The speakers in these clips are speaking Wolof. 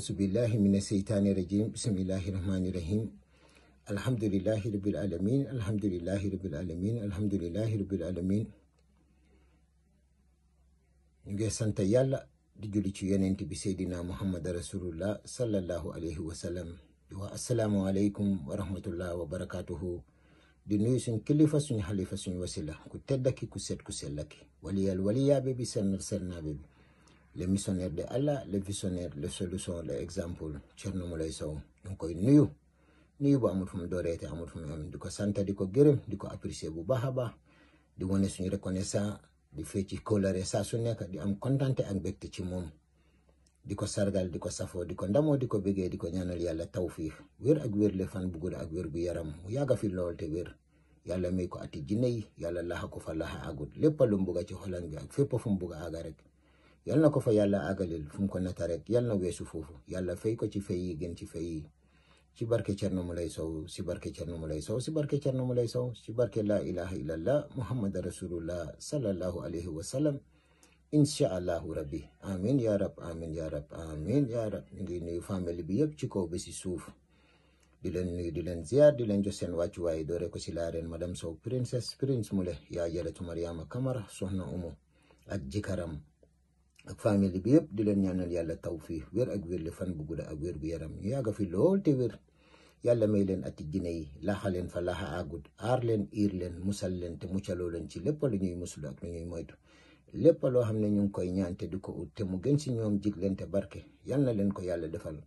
أعوذ بالله من الشيطان الرجيم بسم الله الرحمن ngi sant yàlla di julli ci yonent bi Seydina Muhammad rasulullah sallallahu alayhi wa di wax asalaamu aleykum wa rahmatullah di nuyu suñ kilifa suñ xalifa suñ wasila ku tedd ak ku set ku sell ak waliyal waliyaabe bi bi le missionnaire de Allah le visionnaire le solution le exemple Thierno Moulay Sow ñu ngi koy nuyu nuyu bu amul fu mu dooree te amul fu di ko sant di ko gërëm di ko apprécier bu baax a baax di wane suñu reconnaissant di fee ci kóolare saa su nekk di am kontante ak mbégte ci moom di ko sargal di ko safoo di ko ndamoo di ko bëggee di ko ñaanal yàlla tawfiix wér ak wér le fan bu gudd ak wér bu yaram mu yàgg fi lool te wér yàlla may ko ati jinne yi yàlla laxa ko fa laxa agut lépp lu mu bugg ci xolam bi ak fépp fu mu bugg a rek. yal na ko fa yàlla àggalil fu mu ko nata yal na weesu foofu yàlla fay ko ci fay yi gën ci fay ci barke Cerno Mulay Sow si barke Cerno Mulay Sow si barke Cerno Mulay Sow si barke laa ilaha illallah muhammad rasulullah sallallahu alayhi wa sallam incha allahu rabbi amin ya rab amin ya ngi nuyu famille bi yëpp ci kaw ba si suuf di leen nuyu di leen ziar di leen jox seen wàccuwaay doore ko si laa ma madame Sow princesse prince Moulé yaa jërëtu Mariama Kamara soxna Umu ak ak famille bi yëpp di leen ñaanal yàlla tawfiix wér ak wér li fan bu gudda ak wér bu yaram ñu yàgg fi lool te wér yàlla may leen ati gine yi laaxa leen fa laaxa àggut aar leen iir leen musal leen te muccaloo leen ci lépp lu ñuy musul ak lu ñuy lépp loo xam ne ñu ngi koy ñaan te di ko ut te mu gën si ñoom jig leen te barke yal na leen ko yàlla defal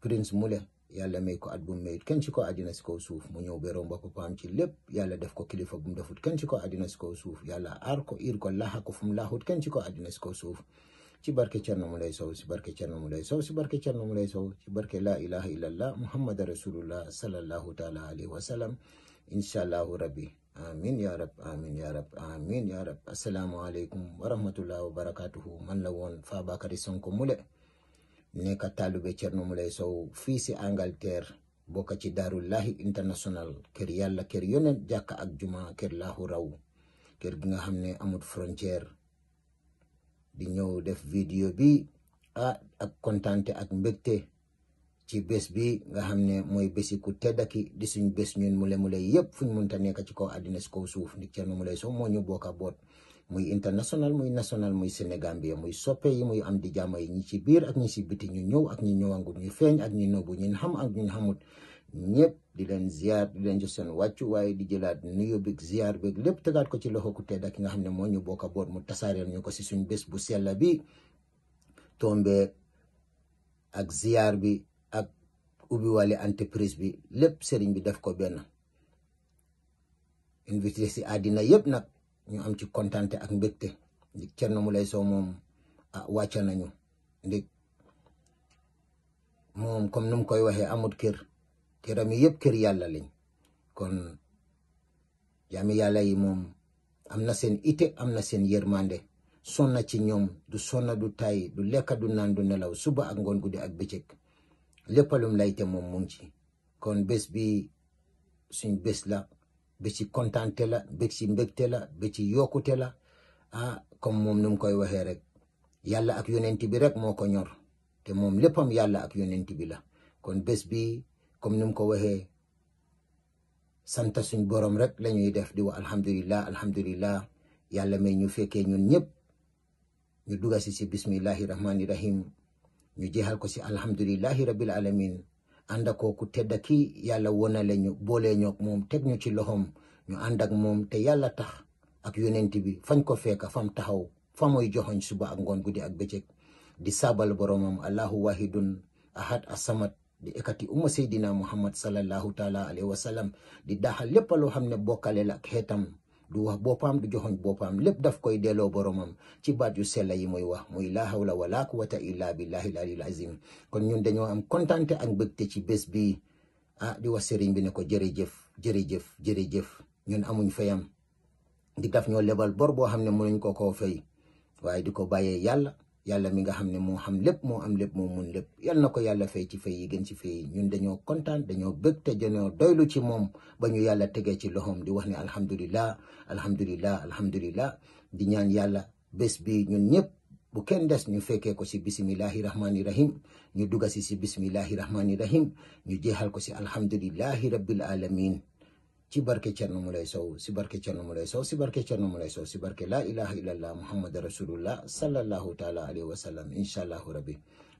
Prince Mule yàlla may ko at bu mu mayut kenn ci ko àddina si kaw suuf mu ñëw béroom ba ci lépp yàlla def ko kilifa bu mu defut ko àddina si kaw suuf yàlla aar ko iir ko laxa ko fu mu laaxut kenn ci ko àddina si kaw suuf ci barke Cerno Moulay Sow si barke Cerno Moulay Sow si barke Cerno Moulay Sow ci barke laa ilaha illallah muhammad rasulullah sallallahu taala alayhi wa sallam incha allahu rabbi amin ya rab amin ya rab amin ya rab asalaamualeykum wa rahmatullah wa barakatuhu man la woon Fabakary Sonko Moulé nekk taalibe Thierno Moulé Sow fii si Angleterre bokk ci daarullahi international kër yàlla kër yonent jàkka ak juma kër laahu raw kër gi nga xam ne amut frontière di ñëw def vidéo bi ah ak kontante ak mbégte ci bés bi nga xam ne mooy bési ku tedd ki di suñ bés ñun mule mule yëpp mun munta nekk ci kaw àddina si kaw suuf ndik Thierno Moulé Sow moo ñu bokka boot muy international muy national muy Sénégambia muy soppe yi muy am di jàmm yi ñi ci biir ak ñi ci biti ñu ñëw ak ñi ñëwangut ñu feeñ ak ñi nëbbu ñin xam ak ñi xamut ñëpp di leen ziar di leen jox seen wàccu waaye di jëlaat nuyu beeg ziar beeg lépp tegaat ko ci loxo ku tedd ak ki nga xam ne moo ñu bokk a boot mu tasaareel ñu ko si suñ bes bu sell bi tombe ak ziar bi ak ubbi wàllu entreprise bi lépp sëriñ bi def ko benn invité si àddina yëpp nag. ñu am ci kontante ak mbégte ndig mu lay Sow moom a ah, wàcce nañu ndig moom comme nu koy waxee amut kër këram yëpp kër yàlla lañ kon jaami yàlla yi moom am na seen ite am na seen yërmande sonna ci ñoom du sonna du tay du lekka du naan du nelaw suba ak ngoon guddi ak bëccëg léppalum layte moom mu ci kon bés bi suñ bés la ba ci kontante la ba ci mbégte la ba ci yokkute la ah comme moom nu koy waxee rek yàlla ak yonent bi rek moo ko ñor te moom léppam yàlla ak yonent bi la kon bés bi comme nu ko waxee sant suñ borom rek la ñuy def di wa alhamdulillah alhamdulillah yàlla may ñu fekkee ñun ñëpp ñu duga si si bismillahi rahmani rahim ñu jeexal ko si alhamdulillahi rabbil alamin ànd ak kooku tedd ki yàlla wonale ñu boole ñoog moom teg ñu ci loxoom ñu ànd ak moom te yàlla tax ak yonent bi fañ ko fekk fam taxaw fa mooy joxoñ suba ak ngoon guddi ak bëccëg di saabal boromam allahu wahidun ahad asamad di ekati umma seydina muhammad sallallahu taala alayhi wa sallam di daaxal lépp loo xam ne bokkale la ak xeetam du wax boppam du joxoñ boppam lépp daf koy delloo boromam ci baat yu sella yi muy wax muy laa hawla wala quwata illa billahi aliyil azim kon ñun dañoo am kontante am mbégte ci bés bi ah di wax sëriñ bi ne ko jërëjëf jërëjëf jërëjëf ñun amuñ fayam di daf ñoo lebal bor boo xam ne mënuñ ko koo fay waaye di ko bàyyee yàlla yàlla mi nga xam ne moom xam lépp moo am lépp moo mun yal na ko yàlla fay ci fay yi gën ci fay yi ñun dañoo kontaan dañoo bëgg te dañoo doylu ci moom ba ñu yàlla tegee ci loxoom di wax ne alhamdulilah alhamdulilah alhamdulilah di ñaan yàlla bés bi ñun ñëpp bu kenn des ñu fekkee ko si bisimilahi rahmaani rahim ñu dugga si si bisimilahi rahmaani rahim ñu jeexal ko si alhamdulilahi rabbil alamin ci barke Thierno Moulay Sow si barke Thierno Moulay Sow si barke Thierno Moulay Sow si barke laa ilaha illallah muhammad rasulullah sallallahu taala alayhi wa sallam incha rabbi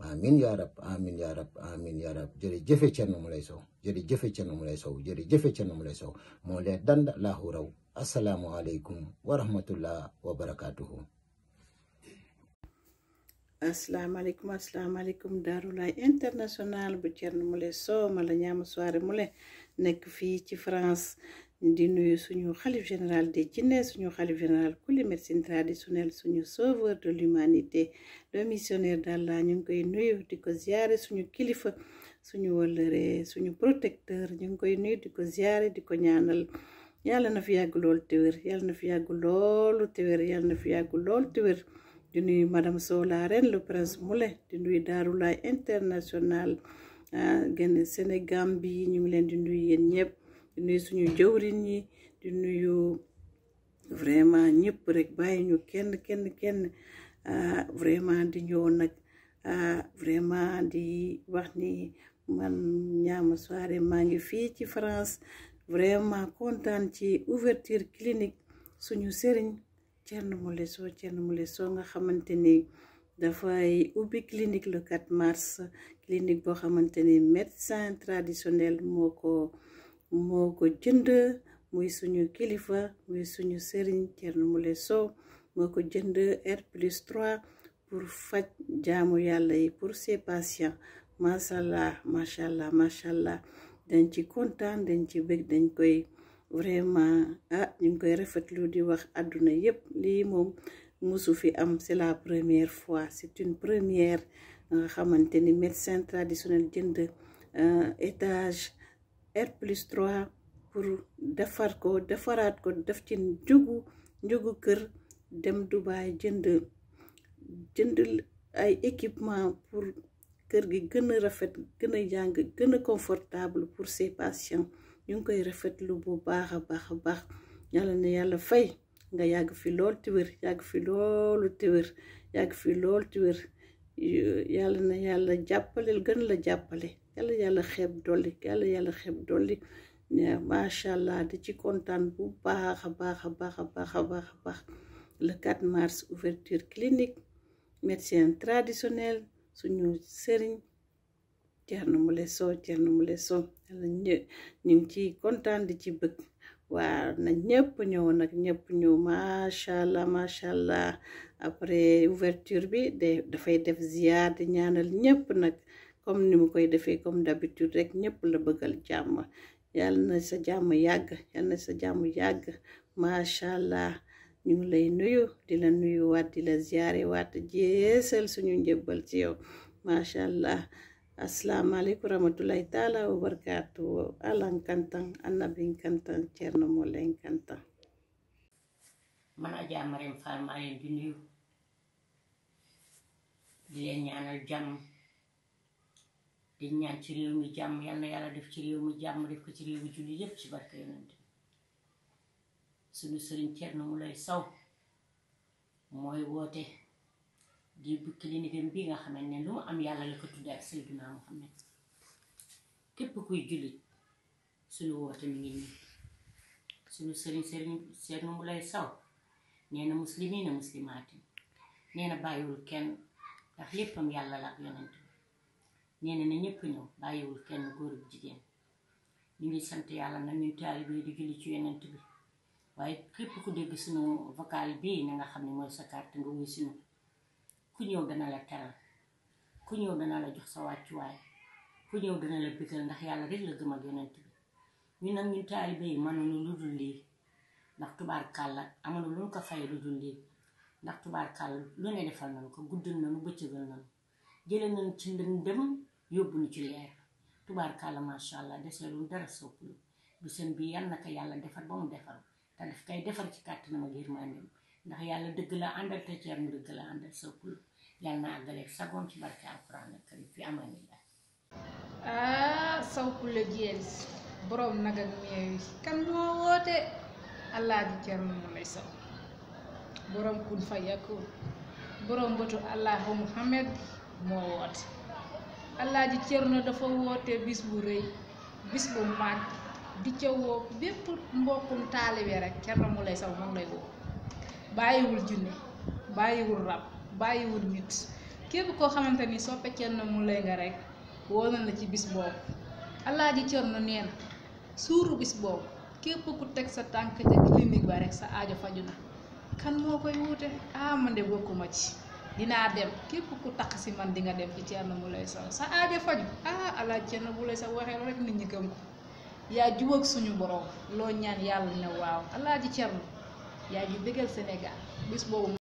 amin ya amin ya rab amin ya rab jërëjëfe Thierno Moulay Sow jërëjëfe Thierno Moulay Sow jërëjëfe Thierno Moulay Sow moo lee dand nekk fii ci France di nuyu suñu xalif général de Guinée suñu xalif général kuli médecine traditionnelle suñu sauveur de l'humanité le missionnaire d'Allah ñu ngi koy nuyu di ko ziyaare suñu kilifa suñu wëllëre suñu protecteur ñu ngi koy nuyu di ko ziyaare di ko ñaanal yàlla na fi yàgg lool te wér yàlla na fi yàgg loolu te wér na fi yàgg lool te wér di nuy madame Sow la reine le prince Moulay di nuyu Daarulaay international Ah, génn Sénégal bi ñu ngi leen di nuyu yéen ñëpp di nuyu suñu jëwriñ yi di nuyu vraiment ñëpp rek bàyyi ñu kenn kenn kenn ah, vraiment di ñëw nag ah, vraiment di wax ni man ñaama soirée maa ngi fii ci France vraiment kontaan ci ouverture clinique suñu sëriñ Thierno Moule Sow Thierno Moule Sow nga xamante ni dafay ubbi clinique le mars clinique boo xamante ni médecin traditionnel moo ko moo ko jënd muy suñu kilifa muy suñu sëriñ Thierno Moule Sow moo ko jënd R plus 3 pour faj jaamu yàlla yi pour ses patients macha allah macha allah macha allah dañ ci kontaan dañ ci bëgg dañ koy vraiment ah ñu ngi koy rafetlu di wax àdduna yépp li moom mosu fi am c'est la première fois c'est une première. nga xamante ni médecin traditionnel jënd euh, étage R plus 3 pour defar ko defaraat ko def ci njugu njugu kër dem Dubaay jënd jënd ay équipement pour kër gi gën rafet gën a jàng gën a confortable pour ses patients ñu ngi koy rafetlu bu baax a baax a baax yàlla na yàlla fay nga yàgg fi lool te yàgg fi loolu te yàgg fi lool te yàlla na yàlla jàppale gën la jàppale yàlla yàlla xeeb dolli yàlla yàlla xeeb dolli macha allah di ci kontaan bu baax a baax a baax a baax a baax a baax le 4 mars ouverture clinique médecin traditionnel suñu sëriñ Thierno Moule Sow Thierno Moule Sow ñu ngi ciy kontaan di ci bëgg waaw na ñëpp ñëw nag ñëpp ñëw macha allah macha allah après ouverture bi de dafay def ziar di ñaanal ñëpp nag comme ni mu koy defee comme d'habitude rek ñëpp la bëggal jàmm yàlla na sa jàmm yàgg yàlla na sa jàmm yàgg macha allah ñu ngi lay nuyu di la nuyu waat di la ziare waat jéesal suñu njëbbal ci yow macha allah asalaamaaleykum rahmatulahi taala wa barakaatu alan kantan annabin kantan ceerno moo leen kantan man Adja Marème Fall maa leen di nuyu di di ñaan ci réew mi yal na yàlla def ci réew mi def ko ci réew julli yépp ci barke yonent suñu sëriñ ceerno mu lay saw mooy woote di bu clinique bi nga xamante ne lu mu am yàlla la ko tudde ak Seydina Muhammad képp kuy jullit suñu woote mi ngi nii suñu sëriñ sëriñ Seydou mu lay saw nee na muslimiina muslimaati nee bàyyiwul kenn ndax léppam yàlla la ak yonent bi nee na ñëpp ñëw bàyyiwul kenn góor jigéen ñu ngi sant yàlla na ñuy taalibe bi di julli ci yonent bi waaye képp ku dégg suñu vocal bii na nga xam ne mooy sa carte nga wuy suñu ku ñëw dana la teral ku ñëw dana la jox sa wàccuwaay ku ñëw dana la bëggal ndax yàlla rek la gëm ak yonent bi ñun nag ñu taalibe yi mënuñu lu dul lii ndax tubaarkàlla amul lu ñu ko fay lu dul lii ndax tubaarkàlla lu ne defal nañu ko guddal nañu bëccëgal nañu jële ci ndëndëm yóbbu ñu ci leer tubaarkàlla macha allah deseelu dara bu bisam bii yal na ko yàlla defar ba mu defar te daf koy defar ci kàttanam ak yërmandeem ndax yàlla dëgg la àndal te ceer mu dëgg la àndal sa kul yàlla na àggaleeg sagoon ci barke alxuraan ak karim fi amani la ah saw kula jiyel boroom nag ak meew kan moo woote allaaji Cerno Moulé Sow boroom kun fa yakun boroom allahu muhammad moo woote dafa woote bis bu rëy bis bu màgg di ca woo bépp mbokkum taalibe rek Cerno Moulé Sow moom lay woo bàyyiwul junne bàyyiwul rab bàyyiwul nit képp koo xamante ni soppe Cerno Mulay nga rek woo na la ci bis boobu Alaaji Cerno na suuru bis boobu képp ku teg sa tànk ca sa aajo faju na kan moo koy wuute ah man de bokkuma ci dinaa dem képp ku takk si man di nga dem ci Cerno Mulay Sow sa aajo faju ah Alaaji Cerno Mulay Sow waxee rek ko yaa jubóog suñu borom loo ñaan yàlla ne waaw Alaaji Cerno yaa ngi bëggal Sénégal bis boobu